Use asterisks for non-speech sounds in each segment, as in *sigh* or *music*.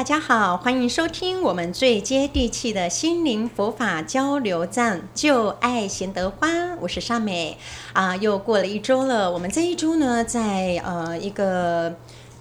大家好，歡迎收聽我們最接地氣的心靈佛法交流站，就愛賢得歡，我是尚美啊，呃，又過了一周了，我們這一周呢，在呃一個。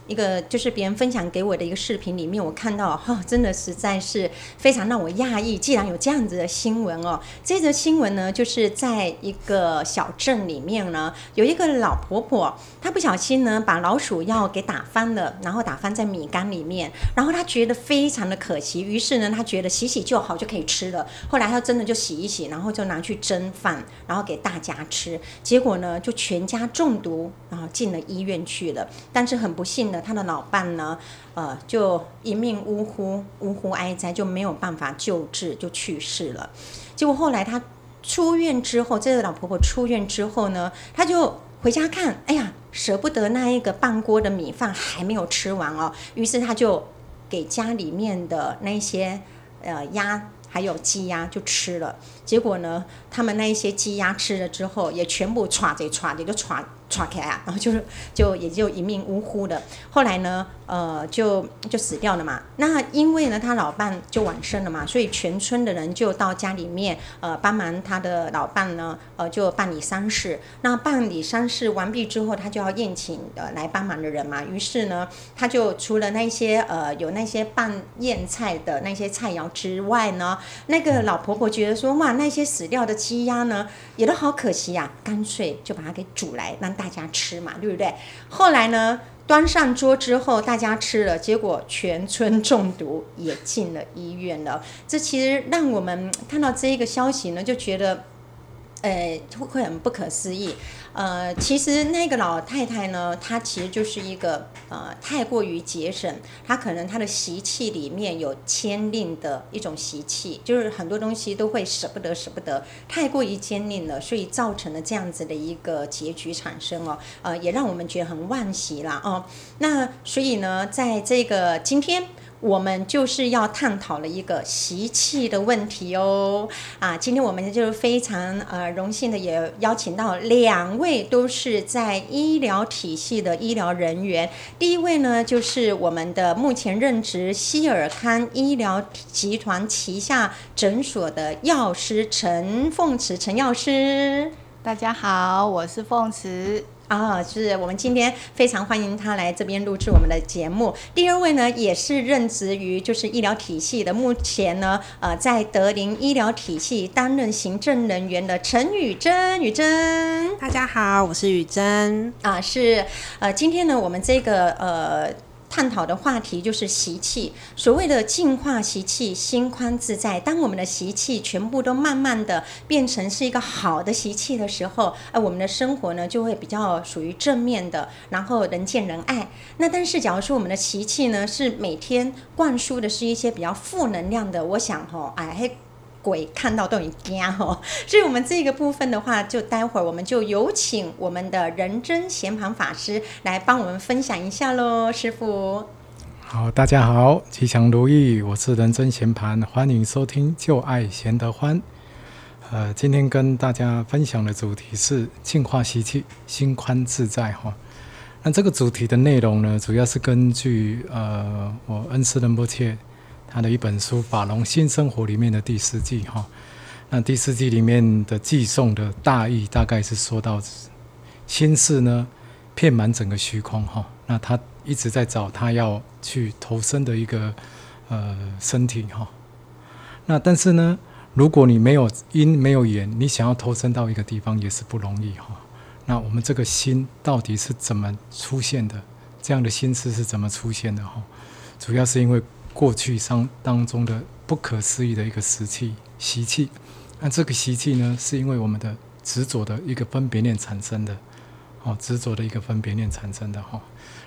一個就是別人分享給我的一個視頻裡面，我看到哈、哦，真的實在是非常讓我訝異。竟然有這樣子的新聞哦，這則新聞呢，就是在一個小鎮裡面呢，有一個老婆婆，她不小心呢把老鼠藥給打翻了，然後打翻在米缸裡面，然後她覺得非常的可惜，於是呢她覺得洗洗就好，就可以吃了。後來她真的就洗一洗，然後就拿去蒸飯，然後給大家吃，結果呢就全家中毒，然後進了醫院去了。但是很不幸的。他的老伴呢，呃，就一命嗚呼，嗚呼哀哉，就沒有辦法救治，就去世了。結果後來他出院之後，這個老婆婆出院之後呢，她就回家看，哎呀，捨不得那一個半鍋的米飯還沒有吃完哦，於是她就給家裡面的那些呃鴨還有雞鴨就吃了。結果呢，他們那一些雞鴨吃了之後，也全部歘着歘着就叉開啊，然後就是就也就一命嗚呼的。後來呢？呃，就就死掉了嘛。那因為呢，他老伴就往生了嘛，所以全村的人就到家裡面呃幫忙他的老伴呢，呃就辦理喪事。那辦理喪事完畢之後，他就要宴請呃來幫忙的人嘛。於是呢，他就除了那些呃有那些辦宴菜的那些菜肴之外呢，那個老婆婆覺得說，哇，那些死掉的雞鴨呢也都好可惜呀，啊，乾脆就把它給煮來讓大家吃嘛，對不對？後來呢？端上桌之後，大家吃了，結果全村中毒也進了醫院了。這其實讓我們看到這一個消息呢，就覺得。呃，會、欸、會很不可思議。呃，其實那個老太太呢，她其實就是一個呃，太過於節省，她可能她的習氣裡面有慳吝的一種習氣，就是很多東西都會舍不得捨不得，太過於慳吝了，所以造成了這樣子的一個結局產生哦。呃，也讓我們覺得很惋惜啦哦。那所以呢，在這個今天。我們就是要探討了一個習氣的問題哦啊！今天我們就非常呃榮幸的，也邀請到兩位都是在醫療體系的醫療人員。第一位呢，就是我們的目前任職西爾康醫療集團旗下診所的藥師陳鳳慈，陳藥師，大家好，我是鳳慈。啊、哦，是我們今天非常歡迎他來這邊錄製我們的節目。第二位呢，也是任職於就是醫療體系的，目前呢，呃，在德霖醫療體系擔任行政人員的陳宇榛。宇榛，大家好，我是宇榛。啊，是，呃，今天呢，我們這個呃。探討的話題就是習氣，所謂的淨化習氣，心寬自在。當我們的習氣全部都慢慢的變成是一個好的習氣的時候，哎、啊，我們的生活呢就會比較屬於正面的，然後人見人愛。那但是，假如說我們的習氣呢是每天灌輸的是一些比較負能量的，我想哈、哦，哎。鬼看到都一驚哦，所以我們這個部分的話，就待會兒我們就有請我們的仁增賢槃法師來幫我們分享一下嘍，師父。好，大家好，吉祥如意，我是仁增賢槃，歡迎收聽就愛賢得歡。呃，今天跟大家分享的主題是淨化習氣，心寬自在哈、哦。那這個主題的內容呢，主要是根據呃我恩師仁波切。他的一本書《法融心生活》裡面的第四季哈，那第四季裡面的偈頌的大意大概是說到心識呢，遍滿整個虛空哈。那他一直在找他要去投身的一個呃身體哈。那但是呢，如果你沒有因沒有緣，你想要投身到一個地方也是不容易哈。那我們這個心到底是怎麼出現的？這樣的心識是怎麼出現的哈？主要是因為。過去上當中的不可思議的一個習氣習氣，那這個習氣呢，是因為我們的執着的一個分別念產生的，哦，執着的一個分別念產生的哈、哦，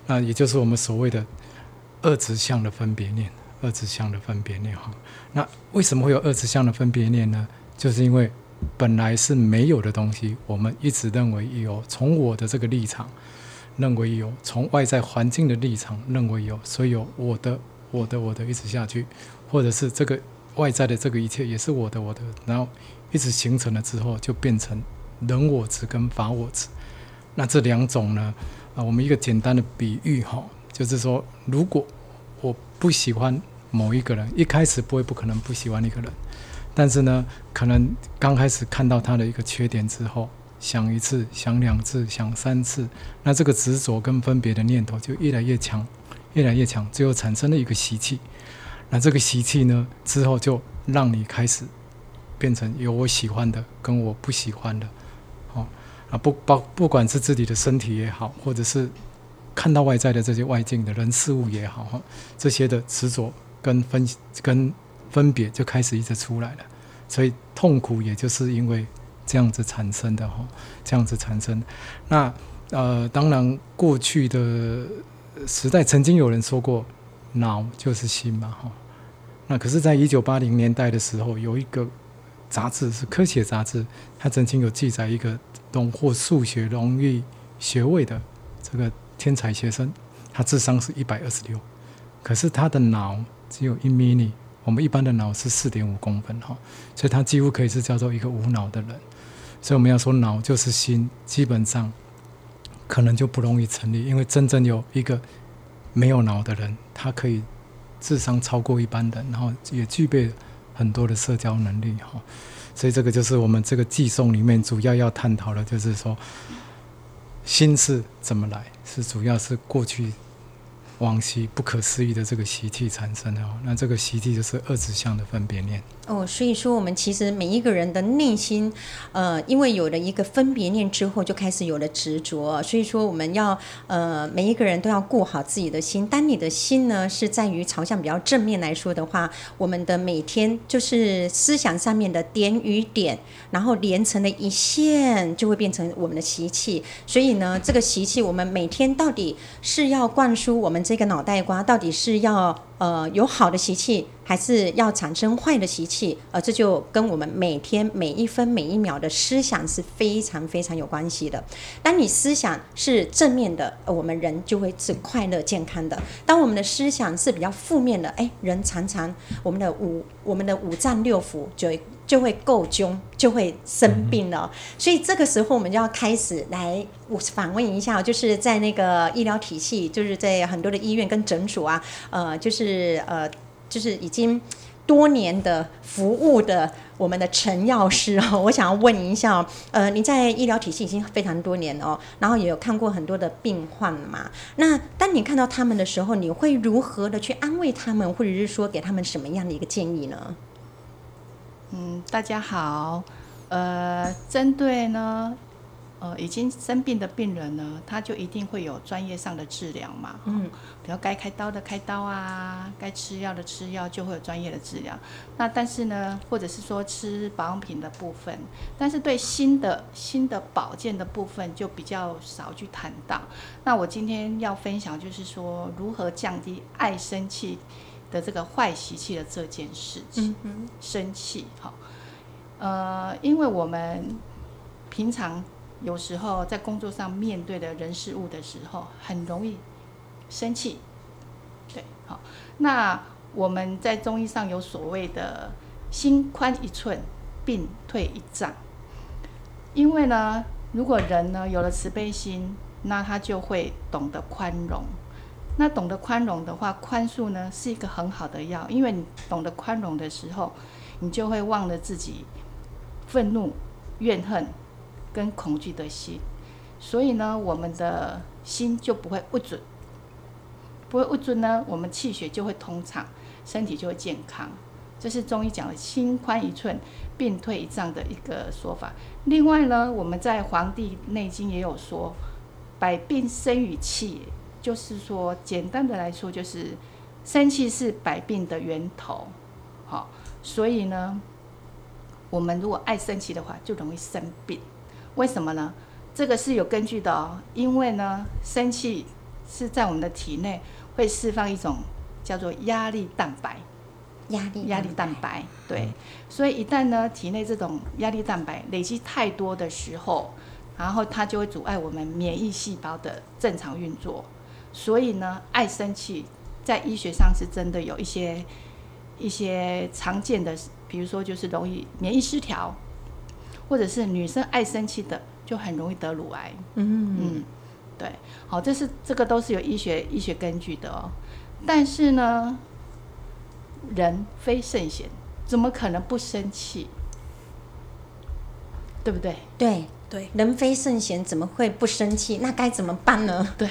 那也就是我們所謂的二執相的分別念，二執相的分別念哈、哦。那為什麼會有二執相的分別念呢？就是因為本來是沒有的東西，我們一直認為有，從我的這個立場認為有，從外在環境的立場認為有，所以有我的。我的我的，一直下去，或者是這個外在的這個一切也是我的我的，然後一直形成了之後就變成人我執跟法我執。那這兩種呢，啊，我們一個簡單的比喻哈，就是說，如果我不喜歡某一個人，一開始不會不可能不喜歡一個人，但是呢，可能剛開始看到他的一個缺點之後，想一次，想兩次，想三次，那這個執着跟分別的念頭就越來越強。越來越強，最後產生了一個習氣。那這個習氣呢，之後就讓你開始變成有我喜歡的跟我不喜歡的，哦，啊不包不管是自己的身體也好，或者是看到外在的這些外境的人事物也好，哈，這些的執着跟分跟分別就開始一直出來了。所以痛苦也就是因為這樣子產生的，哈，這樣子產生。那呃，當然過去的。時代曾經有人說過，腦就是心嘛哈。那可是，在一九八零年代的時候，有一個雜誌是科學雜誌，它曾經有記載一個榮獲數學榮譽學位的這個天才學生，他智商是一百二十六，可是他的腦只有一厘米，我們一般的腦是四點五公分哈，所以他幾乎可以是叫做一個無腦的人。所以我們要說，腦就是心，基本上。可能就不容易成立，因為真正有一個沒有腦的人，他可以智商超過一般的，然後也具備很多的社交能力哈。所以這個就是我們這個偈頌裡面主要要探討的，就是說心是怎麼來，是主要是過去。往昔不可思議的這個習氣產生的哦，那這個習氣就是二指向的分別念哦，所以說我們其實每一個人的內心，呃，因為有了一個分別念之後，就開始有了執着，所以說我們要呃，每一個人都要顧好自己的心。當你的心呢是在於朝向比較正面來說的話，我們的每天就是思想上面的點與點，然後連成了一線，就會變成我們的習氣。所以呢，這個習氣，我們每天到底是要灌輸我們。這個腦袋瓜到底是要？呃，有好的習氣，還是要產生壞的習氣，呃，這就跟我們每天每一分每一秒的思想是非常非常有關係的。當你思想是正面的，呃，我們人就會是快樂健康的；當我們的思想是比較負面的，哎，人常常我們的五我們的五臟六腑就就會夠窘，就會生病了。所以這個時候，我們就要開始來我訪問一下，就是在那個醫療體系，就是在很多的醫院跟診所啊，呃，就是。是呃，就是已經多年的服務的我們的陳藥師哦，我想要問一下哦，呃，你在醫療體系已經非常多年了哦，然後也有看過很多的病患嘛。那當你看到他們的時候，你會如何的去安慰他們，或者是說給他們什麼樣的一個建議呢？嗯，大家好，呃，針對呢，呃，已經生病的病人呢，他就一定會有專業上的治療嘛。嗯。比如該開刀的開刀啊，該吃藥的吃藥，就會有專業的治療。那但是呢，或者是說吃保養品的部分，但是對心的心的保健的部分就比較少去談到。那我今天要分享就是說如何降低愛生氣的這個壞習氣的這件事情。嗯哼，生氣哈，哦，呃，因為我們平常有時候在工作上面對的人事物的時候，很容易。生氣，對，好。那我們在中醫上有所謂的心寬一寸，病退一丈。因為呢，如果人呢有了慈悲心，那他就會懂得寬容。那懂得寬容的話，寬恕呢是一個很好的藥，因為你懂得寬容的時候，你就會忘了自己憤怒、怨恨跟恐懼的心，所以呢，我們的心就不會不準。不會誤尊呢，我們氣血就會通暢，身體就會健康。這是中醫講的“心寬一寸，病退一丈”的一個說法。另外呢，我們在《黃帝內經》也有說“百病生於氣”，就是說，簡單的來說，就是生氣是百病的源頭。好、哦，所以呢，我們如果愛生氣的話，就容易生病。為什麼呢？這個是有根據的哦，因為呢，生氣是在我們的體內。會釋放一種叫做壓力蛋白，壓力壓力蛋白。對，所以一旦呢，體內這種壓力蛋白累積太多的時候，然後它就會阻礙我們免疫細胞的正常運作。所以呢，愛生氣在醫學上是真的有一些一些常見的，比如說就是容易免疫失調，或者是女生愛生氣的就很容易得乳癌。嗯嗯。對，好，這是這個都是有醫學醫學根據的哦。但是呢，人非聖賢，怎麼可能不生氣？對不對？對對，對人非聖賢，怎麼會不生氣？那該怎麼辦呢？對，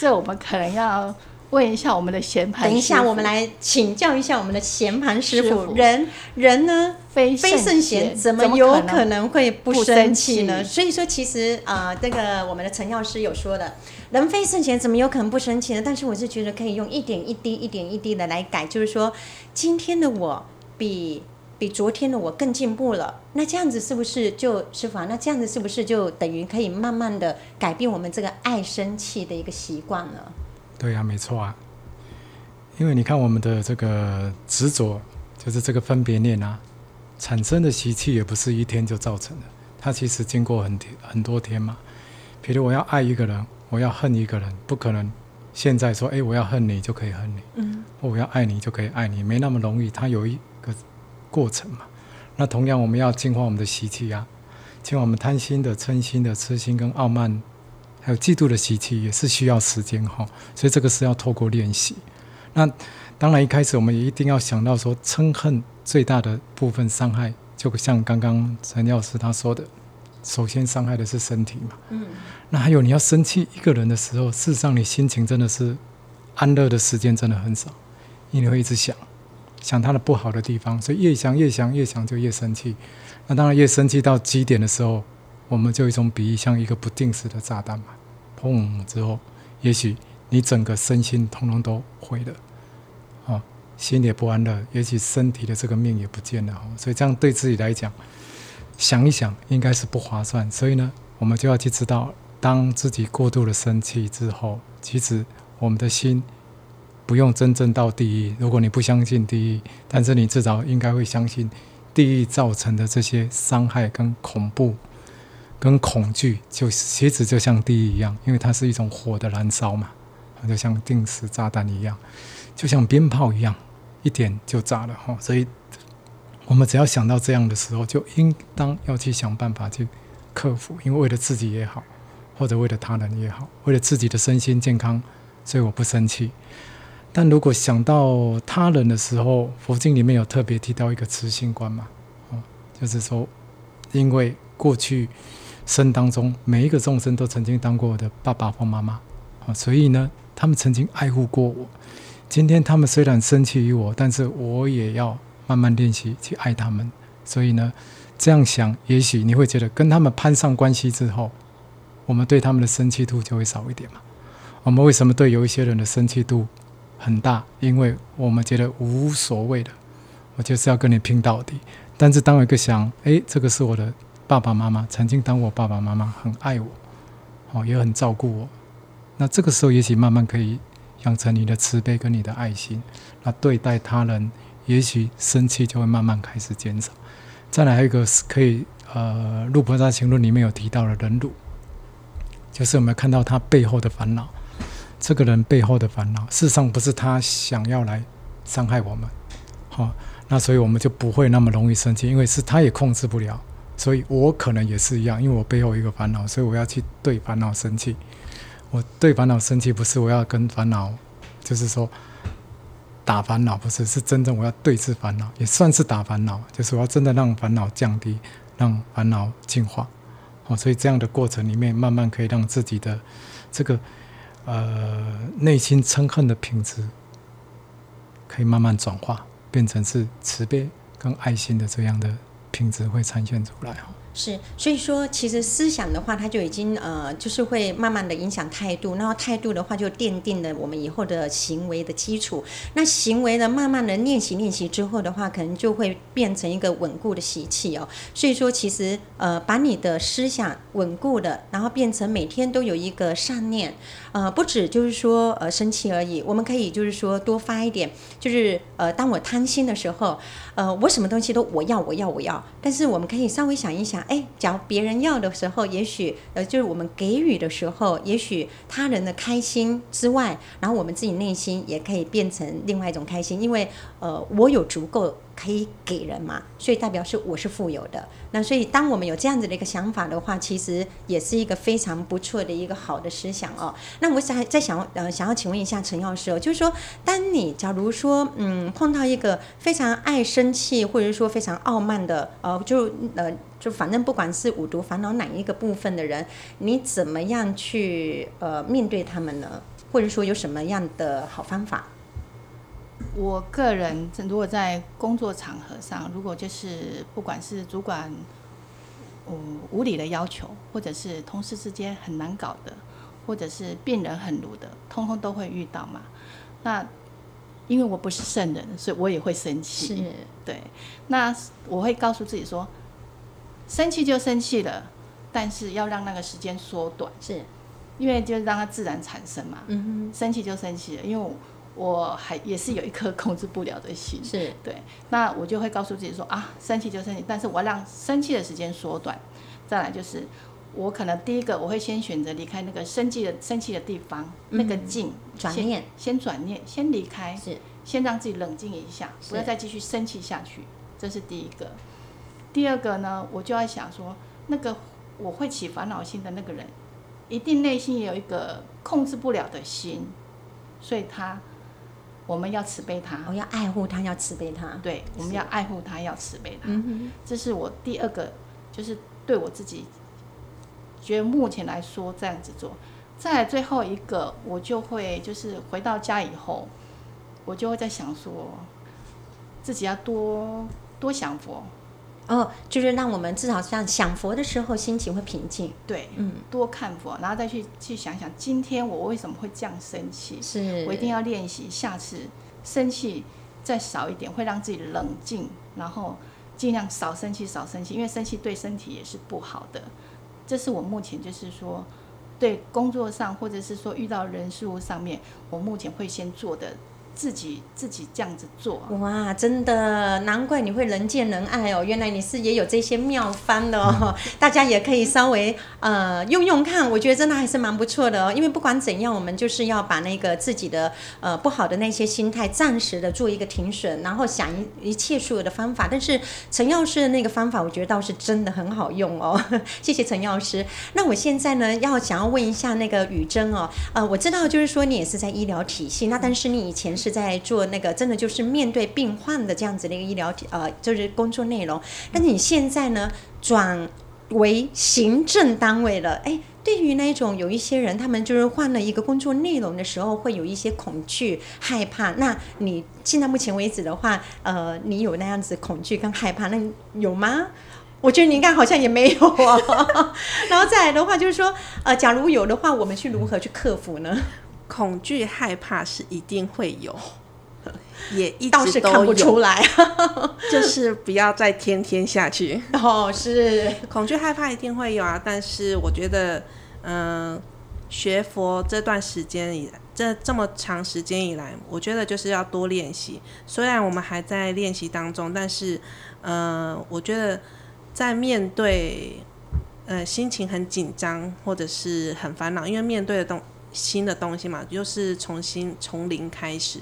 這我們可能要。問一下我們的賢槃。等一下，我們來請教一下我們的賢槃師父。師父，人，人呢？非賢非聖賢，怎麼有可能會不生氣呢？氣，所以說，其實啊、呃，這個我們的陳藥師有說的，人非聖賢，怎麼有可能不生氣呢？但是，我是覺得可以用一點一滴、一點一滴的來改。就是說，今天的我比比昨天的我更進步了。那這樣子是不是就師父啊？那這樣子是不是就等於可以慢慢的改變我們這個愛生氣的一個習慣了？對呀，啊，沒錯啊，因為你看我們的這個執着，就是這個分別念啊，產生的習氣也不是一天就造成的，它其實經過很天很多天嘛。比如我要愛一個人，我要恨一個人，不可能現在說，哎，我要恨你就可以恨你，嗯，或我要愛你就可以愛你，沒那麼容易，它有一個過程嘛。那同樣，我們要淨化我們的習氣啊，淨化我們貪心的、嗔心的、癡心跟傲慢。還有嫉妒的習氣也是需要時間哈，所以這個是要透過練習。那當然一開始我們也一定要想到說，嗔恨最大的部分傷害，就像剛剛陳藥師他說的，首先傷害的是身體嘛。嗯。那還有你要生氣一個人的時候，事實上你心情真的是安樂的時間真的很少，你會一直想，想他的不好的地方，所以越想越想越想，越想就越生氣。那當然越生氣到極點的時候。我們就一種比喻，像一個不定時的炸彈嘛，砰，砰！之後，也許你整個身心通通都毀了，啊，心也不安了，也許身體的這個命也不見了。所以這樣對自己來講，想一想應該是不划算。所以呢，我們就要去知道，當自己過度的生氣之後，其實我們的心不用真正到地獄。如果你不相信地獄，但是你至少應該會相信地獄造成的這些傷害跟恐怖。跟恐懼，就，其實就像地獄一樣，因為它是一種火的燃燒嘛，它就像定時炸彈一樣，就像鞭炮一樣，一點就炸了哈、哦。所以，我們只要想到這樣的時候，就應當要去想辦法去克服，因為為了自己也好，或者為了他人也好，為了自己的身心健康，所以我不生氣。但如果想到他人的時候，佛經裡面有特別提到一個慈心觀嘛，哦，就是說，因為過去。生當中，每一個眾生都曾經當過我的爸爸或媽媽，啊、哦，所以呢，他們曾經愛護過我。今天他們雖然生氣於我，但是我也要慢慢練習去愛他們。所以呢，這樣想，也許你會覺得跟他們攀上關係之後，我們對他們的生氣度就會少一點嘛。我們為什麼對有一些人的生氣度很大？因為我們覺得無所謂的，我就是要跟你拼到底。但是當我一個想，誒，這個是我的。爸爸媽媽曾經當我爸爸媽媽，很愛我，哦，也很照顧我，那這個時候也許慢慢可以養成你的慈悲跟你的愛心，那對待他人，也許生氣就會慢慢開始減少。再來一個是可以，呃，《入菩薩行論》裡面有提到的忍辱，就是我們看到他背後的煩惱，這個人背後的煩惱，事實上不是他想要來傷害我們，好、哦，那所以我們就不會那麼容易生氣，因為是他也控制不了。所以，我可能也是一樣，因為我背後一個煩惱，所以我要去對煩惱生氣。我對煩惱生氣，不是我要跟煩惱，就是說打煩惱，不是，是真正我要對治煩惱，也算是打煩惱，就是我要真的讓煩惱降低，讓煩惱淨化。好，所以這樣的過程裡面，慢慢可以讓自己的這個呃內心嗔恨的品質，可以慢慢轉化，變成是慈悲跟愛心的這樣的。停止會呈現出來哈、哦，是，所以說其實思想的話，它就已經呃，就是會慢慢的影響態度，然後態度的話就奠定了我們以後的行為的基礎。那行為呢，慢慢的練習練習之後的話，可能就會變成一個穩固的習氣哦。所以說，其實呃，把你的思想穩固的，然後變成每天都有一個善念，呃，不止就是說呃生氣而已，我們可以就是說多發一點，就是呃，當我貪心的時候。呃，我什麼東西都我要，我要，我要。但是我們可以稍微想一想，哎，假如別人要的時候，也許呃，就是我們給予的時候，也許他人的開心之外，然後我們自己內心也可以變成另外一種開心，因為呃，我有足夠。可以給人嘛？所以代表是我是富有的。那所以，當我們有這樣子的一個想法的話，其實也是一個非常不錯的、一個好的思想哦。那我想再想，呃，想要請問一下陳藥師哦，就是說，當你假如說，嗯，碰到一個非常愛生氣，或者說非常傲慢的，呃，就呃，就反正不管是五毒煩惱哪一個部分的人，你怎麼樣去呃面對他們呢？或者說有什麼樣的好方法？我個人，如果在工作場合上，如果就是不管是主管，嗯，無理的要求，或者是同事之間很難搞的，或者是病人很盧的，通通都會遇到嘛。那因為我不是聖人，所以我也會生氣。是，對。那我會告訴自己說，生氣就生氣了，但是要讓那個時間縮短。是，因為就是讓它自然產生嘛。嗯哼，生氣就生氣了，因為我。我還也是有一顆控制不了的心，是對。那我就會告訴自己說啊，生氣就生氣，但是我要讓生氣的時間縮短。再來就是，我可能第一個我會先選擇離開那個生氣的生氣的地方，嗯、那個境，先轉念，先轉念，先離開，是，先讓自己冷靜一下，是不要再繼續生氣下去，這是第一個。第二個呢，我就要想說，那個我會起煩惱心的那個人，一定內心也有一個控制不了的心，所以他。我們要慈悲他、哦，我要愛護他，要慈悲他。對，是我們要愛護他，要慈悲他。嗯嗯哼，這是我第二個，就是對我自己，覺得目前來說這樣子做。再來最後一個，我就會就是回到家以後，我就會在想說，自己要多多享福。哦，oh, 就是讓我們至少這樣想佛的時候，心情會平靜。對，嗯，多看佛，然後再去去想想，今天我為什麼會這樣生氣？是，我一定要練習，下次生氣再少一點，會讓自己冷靜，然後盡量少生氣，少生氣，因為生氣對身體也是不好的。這是我目前就是說，對工作上或者是說遇到人事物上面，我目前會先做的。自己自己這樣子做哇，真的難怪你會人見人愛哦，原來你是也有這些妙方的哦，大家也可以稍微呃用用看，我覺得真的還是蠻不錯的哦，因為不管怎樣，我們就是要把那個自己的呃不好的那些心態暫時的做一個停損，然後想一,一切所有的方法，但是陳藥師的那個方法，我覺得倒是真的很好用哦，呵呵謝謝陳藥師。那我現在呢，要想要問一下那個宇榛哦，呃，我知道就是說你也是在醫療體系，嗯、那但是你以前是。是在做那個真的就是面對病患的這樣子的一個醫療體呃，就是工作內容。但是你現在呢，轉為行政單位了。誒，對於那種有一些人，他們就是換了一個工作內容的時候，會有一些恐懼、害怕。那你現在目前為止的話，呃，你有那樣子恐懼跟害怕？那有嗎？我覺得你應該好像也沒有啊，哦。 *laughs* *laughs* 然後再來的話，就是說，呃，假如有的話，我們去如何去克服呢？恐懼害怕是一定會有，也倒是看不出來， *laughs* 就是不要再天天下去。哦，是。恐懼害怕一定會有啊，但是我覺得，嗯、呃，學佛這段時間以來，這這麼長時間以來，我覺得就是要多練習。雖然我們還在練習當中，但是，呃，我覺得在面對，呃，心情很緊張或者是很煩惱，因為面對的東。新的東西嘛，就是重新從零開始。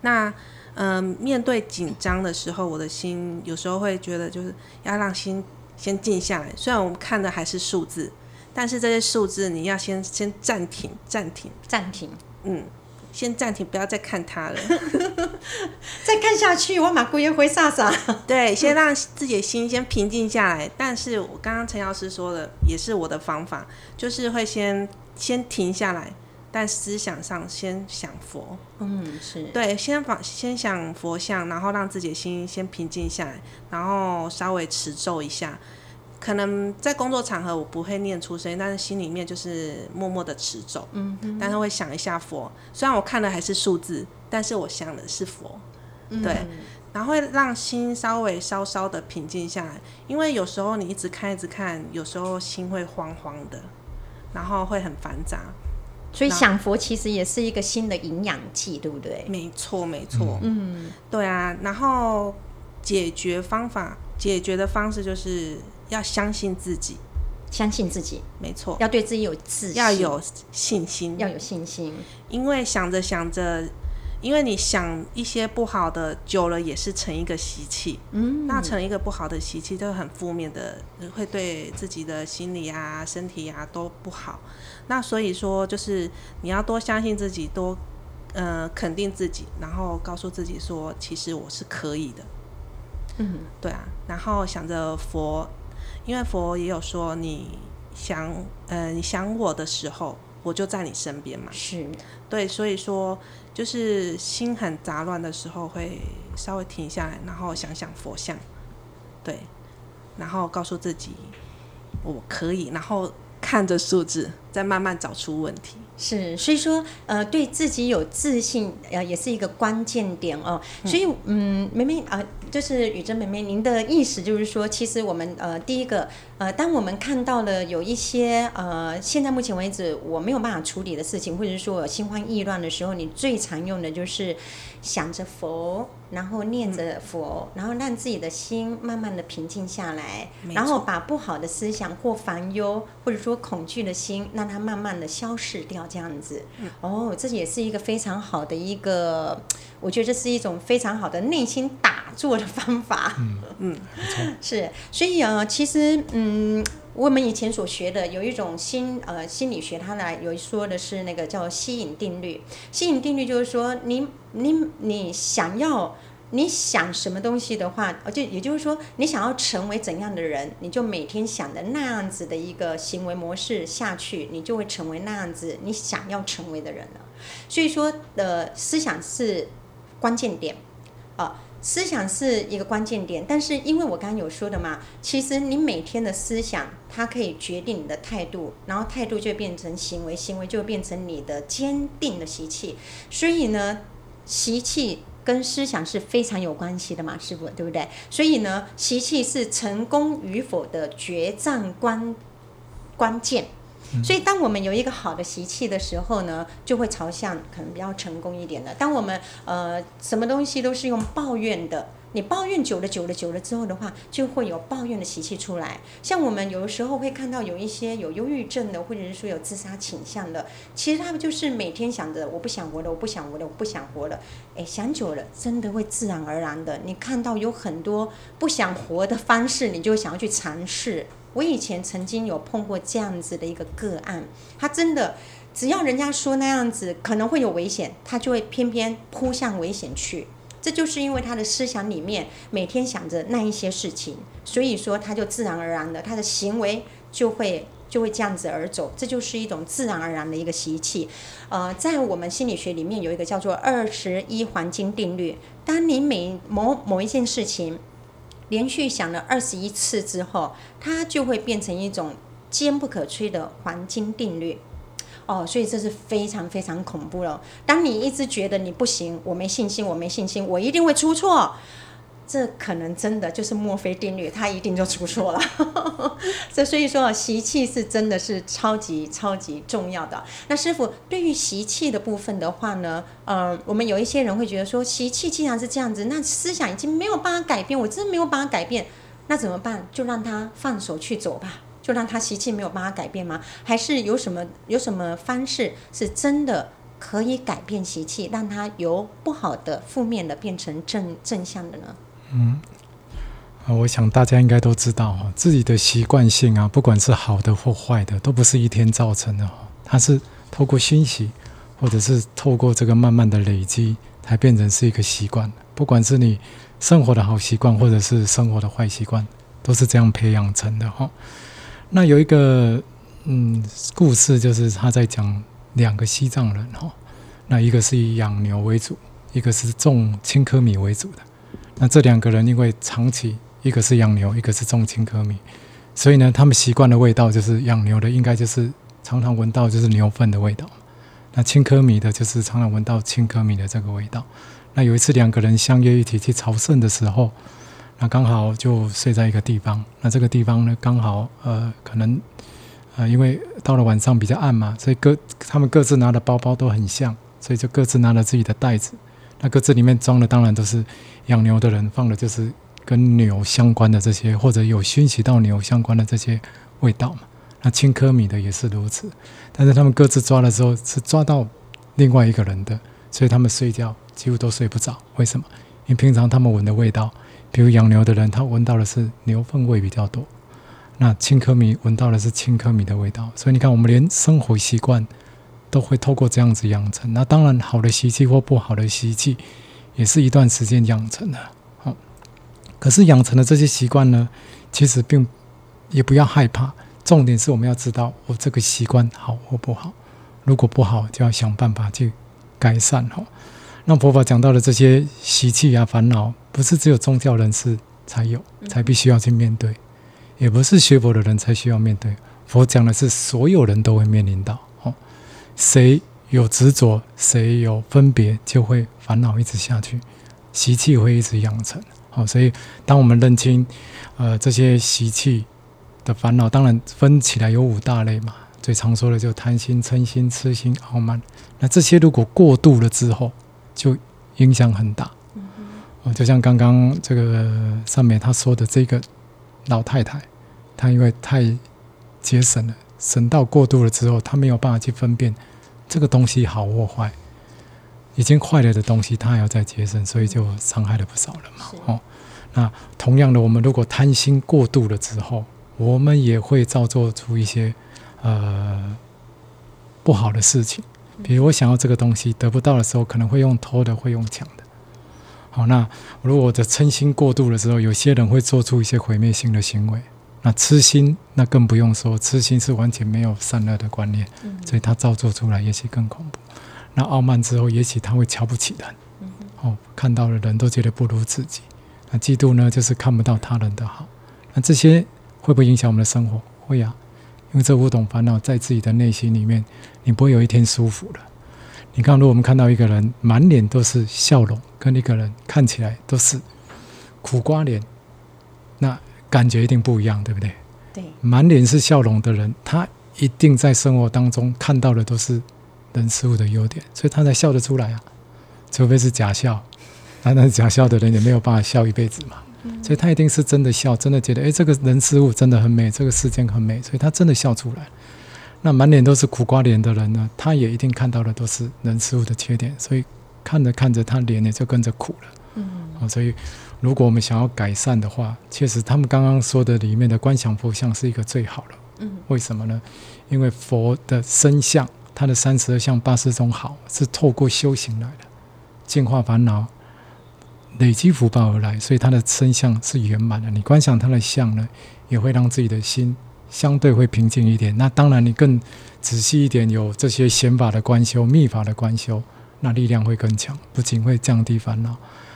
那，嗯、呃，面對緊張的時候，我的心有時候會覺得，就是要讓心先靜下來。雖然我們看的還是數字，但是這些數字你要先先暫停、暫停、暫停。嗯。先暫停，不要再看他了。 *laughs* 再看下去，我馬姑也會傻傻。對，先讓自己的心先平靜下來。嗯、但是我剛剛陳藥師說的也是我的方法，就是會先先停下來，但思想上先想佛。嗯，是對，先想先想佛像，然後讓自己的心先平靜下來，然後稍微持咒一下。可能在工作場合，我不會念出聲音，但是心裡面就是默默的持咒、嗯。嗯，但是會想一下佛。雖然我看的還是數字，但是我想的是佛，嗯、對，然後會讓心稍微稍稍的平靜下來，因為有時候你一直看一直看，有時候心會慌慌的，然後會很繁雜，所以想佛其實也是一個新的營養劑，對不對？嗯、沒錯，沒錯，嗯，對啊，然後解決方法、解決的方式就是。要相信自己，相信自己，沒錯。要對自己有自信，要有信心，要有信心。因為想着想着，因為你想一些不好的，久了也是成一個習氣。嗯，那成一個不好的習氣，就很負面的，會對自己的心理啊、身體啊都不好。那所以說，就是你要多相信自己，多呃肯定自己，然後告訴自己說，其實我是可以的。嗯，對啊。然後想着佛。因為佛也有說，你想，呃，你想我的時候，我就在你身邊嘛。是，對，所以說，就是心很雜亂的時候，會稍微停下來，然後想想佛像，對，然後告訴自己我可以，然後看着數字，再慢慢找出問題。是，所以說，呃，對自己有自信，呃，也是一個關鍵點哦、喔。所以，嗯，明明啊。呃就是宇榛妹妹，您的意思就是說，其實我們呃，第一個呃，當我們看到了有一些呃，現在目前為止我沒有辦法處理的事情，或者說心慌意亂的時候，你最常用的就是想着佛，然後念着佛，嗯、然後讓自己的心慢慢的平靜下來，沒錯、然後把不好的思想或煩憂或者說恐懼的心，讓它慢慢的消失掉，這樣子。嗯、哦，這也是一個非常好的一個。我覺得這是一種非常好的內心打坐的方法。嗯，嗯 *laughs* 是，所以啊、呃，其實嗯，我們以前所學的有一種心呃心理學，它呢有說的是那個叫吸引定律。吸引定律就是說，你你你想要你想什麼東西的話，而、呃、且也就是說，你想要成為怎樣的人，你就每天想的那樣子的一個行為模式下去，你就會成為那樣子你想要成為的人了。所以說的、呃、思想是。關鍵點，啊、哦，思想是一個關鍵點，但是因為我剛剛有說的嘛，其實你每天的思想，它可以決定你的態度，然後態度就變成行為，行為就變成你的堅定的習氣，所以呢，習氣跟思想是非常有關係的嘛，師父對不對？所以呢，習氣是成功與否的決戰關關鍵。嗯、所以，當我們有一個好的習氣的時候呢，就會朝向可能比較成功一點的。當我們呃什麼東西都是用抱怨的，你抱怨久了、久了、久了之後的話，就會有抱怨的習氣出來。像我們有時候會看到有一些有憂鬱症的，或者是說有自殺傾向的，其實他們就是每天想着我不想活了，我不想活了，我不想活了。哎，想久了，真的會自然而然的，你看到有很多不想活的方式，你就想要去嘗試。我以前曾經有碰過這樣子的一個個案，他真的只要人家說那樣子可能會有危險，他就會偏偏撲向危險去。這就是因為他的思想裡面每天想着那一些事情，所以說他就自然而然的，他的行為就會就會這樣子而走。這就是一種自然而然的一個習氣。呃，在我們心理學裡面有一個叫做二十一黃金定律，當你每某某一件事情，連續想了二十一次之後，它就會變成一種堅不可摧的黃金定律。哦，所以這是非常非常恐怖了。當你一直覺得你不行，我沒信心，我沒信心，我一定會出錯。這可能真的就是墨菲定律，他一定就出錯了。這 *laughs* 所以說習氣是真的是超級超級重要的。那師父對於習氣的部分的話呢，嗯、呃，我們有一些人會覺得說習氣既然是這樣子，那思想已經沒有辦法改變，我真的沒有辦法改變，那怎麼辦？就讓他放手去走吧，就讓他習氣沒有辦法改變嗎？還是有什麼有什麼方式是真的可以改變習氣，讓它由不好的負面的變成正正向的呢？嗯，啊，我想大家應該都知道哈，自己的習慣性啊，不管是好的或壞的，都不是一天造成的，它是透過熏習，或者是透過這個慢慢的累積，才變成是一個習慣。不管是你生活的好習慣，或者是生活的壞習慣，都是這樣培養成的哈。那有一個嗯故事，就是他在講兩個西藏人哈，那一個是以養牛為主，一個是種青稞米為主的。那這兩個人因為長期一個是養牛，一個是種青稞米，所以呢，他們習慣的味道就是養牛的應該就是常常聞到就是牛糞的味道，那青稞米的就是常常聞到青稞米的這個味道。那有一次兩個人相約一起去朝聖的時候，那剛好就睡在一個地方。那這個地方呢，剛好呃，可能呃，因為到了晚上比較暗嘛，所以各他們各自拿的包包都很像，所以就各自拿了自己的袋子。那各自裡面裝的當然都是。養牛的人放的就是跟牛相關的這些，或者有熏習到牛相關的這些味道嘛。那青稞米的也是如此，但是他們各自抓的時候是抓到另外一個人的，所以他們睡覺幾乎都睡不着。為什麼？因為平常他們聞的味道，比如養牛的人他聞到的是牛糞味比較多，那青稞米聞到的是青稞米的味道。所以你看，我們連生活習慣都會透過這樣子養成。那當然，好的習氣或不好的習氣。也是一段時間養成的，好、嗯。可是養成的這些習慣呢，其實並也不要害怕。重點是我們要知道，我、哦、這個習慣好或不好。如果不好，就要想辦法去改善哈、哦。那佛法講到的這些習氣啊、煩惱，不是只有宗教人士才有，才必須要去面對；也不是學佛的人才需要面對。佛講的是所有人都會面臨到，哦，誰？有執着誰有分別，就會煩惱一直下去，習氣會一直養成。好，哦，所以當我們認清，呃，這些習氣的煩惱，當然分起來有五大類嘛。最常說的就是貪心、嗔心、痴心、傲慢。那這些如果過度了之後，就影響很大。嗯哼。哦，就像剛剛這個上面他說的這個老太太，她因為太節省了，省到過度了之後，她沒有辦法去分辨。這個東西好或壞，已經壞了的東西，他還要再節省，所以就傷害了不少人嘛。是哦，那同樣的，我們如果貪心過度了之後，我們也會造作出一些呃不好的事情。比如我想要這個東西得不到的時候，可能會用偷的，會用搶的。好、哦，那如果我的嗔心過度了之後，有些人會做出一些毀滅性的行為。那痴心，那更不用說，痴心是完全沒有善惡的觀念，所以他造作出來也許更恐怖。那傲慢之後，也許他會瞧不起人，哦，看到的人都覺得不如自己。那嫉妒呢，就是看不到他人的好。那這些會不會影響我們的生活？會啊，因為這五種煩惱在自己的內心裡面，你不會有一天舒服的。你看，如果我們看到一個人滿臉都是笑容，跟一個人看起來都是苦瓜臉，那。感覺一定不一樣？對不對？對，滿臉是笑容的人，他一定在生活當中看到的都是人事物的優點，所以他才笑得出來啊。除非是假笑，那是假笑的人也沒有辦法笑一輩子嘛。嗯、所以，他一定是真的笑，真的覺得誒，這個人事物真的很美，這個世間很美，所以他真的笑出來。那滿臉都是苦瓜臉的人呢，他也一定看到的都是人事物的缺點，所以看着看着，他臉呢就跟着苦了。嗯、哦，所以。如果我們想要改善的話，確實他們剛剛說的裡面的觀想佛像是一個最好的。嗯，為什麼呢？因為佛的身相，他的三十二相八十種好，是透過修行來的，淨化煩惱，累積福報而來，所以他的身相是圓滿的。你觀想他的相呢，也會讓自己的心相對會平靜一點。那當然，你更仔細一點，有這些顯法的觀修、密法的觀修。那力量會更強，不僅會降低煩惱，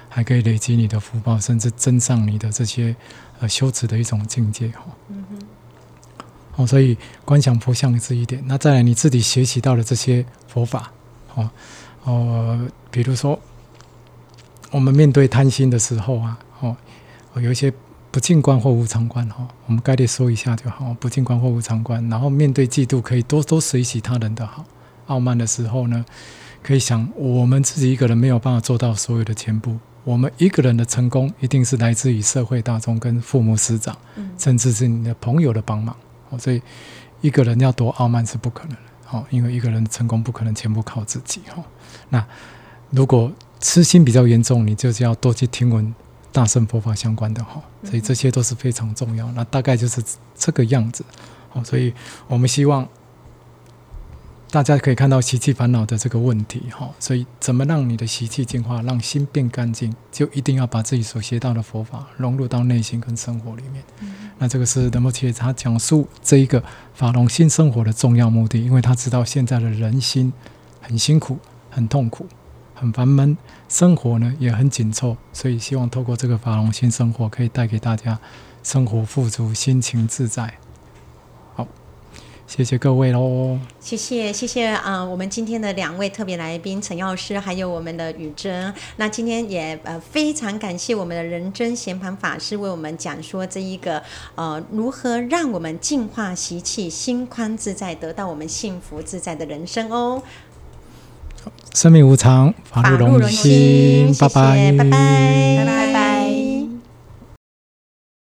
還可以累積你的福報，甚至增上你的這些呃修持的一種境界哈。哦，嗯、哼哦，所以觀想佛像是一點，那再來你自己學習到的這些佛法，哦，哦、呃，比如說我們面對貪心的時候啊，哦，有一些不淨觀或無常觀哈、哦，我們概略說一下就好，不淨觀或無常觀，然後面對嫉妒，可以多多隨喜他人的好、哦，傲慢的時候呢？可以想，我們自己一個人沒有辦法做到所有的全部。我們一個人的成功，一定是來自於社會大眾跟父母師長，甚至是你的朋友的幫忙。哦，所以一個人要多傲慢是不可能的。哦，因為一個人成功不可能全部靠自己。哈，那如果痴心比較嚴重，你就是要多去聽聞大乘佛法相關的。哈，所以這些都是非常重要。那大概就是這個樣子。好，所以我們希望。大家可以看到習氣煩惱的這個問題，哈，所以怎麼讓你的習氣淨化，讓心變乾淨，就一定要把自己所學到的佛法融入到內心跟生活裡面。嗯、那這個是達摩切他講述這一個法融心生活的重要目的，因為他知道現在的人心很辛苦、很痛苦、很煩悶，生活呢也很緊湊，所以希望透過這個法融心生活，可以帶給大家生活富足、心情自在。謝謝各位嘍！謝謝謝謝啊，我們今天的兩位特別來賓陳藥師，還有我們的宇榛。那今天也呃非常感謝我們的仁增賢槃法師為我們講說這一個呃如何讓我們淨化習氣、心寬自在，得到我們幸福自在的人生哦。生命無常，法不容心。拜拜拜拜拜拜。拜拜拜拜。